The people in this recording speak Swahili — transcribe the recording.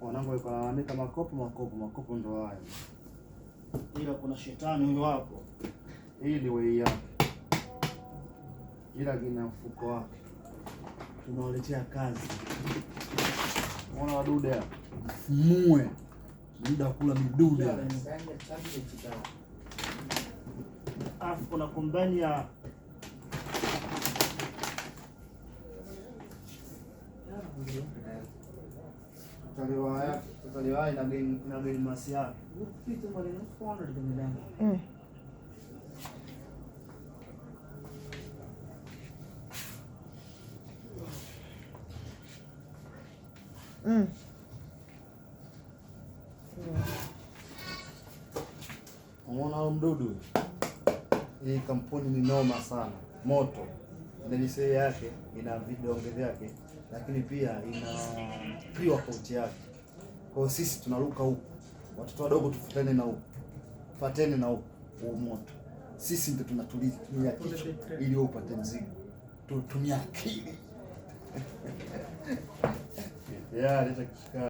Wanangu walikuwa wanaandika makopo makopo makopo, ndo hayo ila kuna shetani huyo hapo. Hii ni wei yake, ila kina mfuko wake, tunawaletea kazi. Ona wadude mfumue muda wa kula midude. Alafu kuna kombani ya tutaliwahi na geni masi yake Mm. Mm. huyo mdudu, hii kampuni ni noma sana, moto melisee yake ina vidonge vyake, lakini pia ina pre-workout yake. Kwa hiyo sisi tunaruka huku, watoto wadogo tufutane na huku, fatene na huku moto, sisi ndio tunatumia kichwa ili upate mzigo, tutumia akili. yeah,